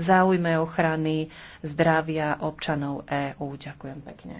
v záujme ochrany zdravia občanov EÚ. Ďakujem pekne.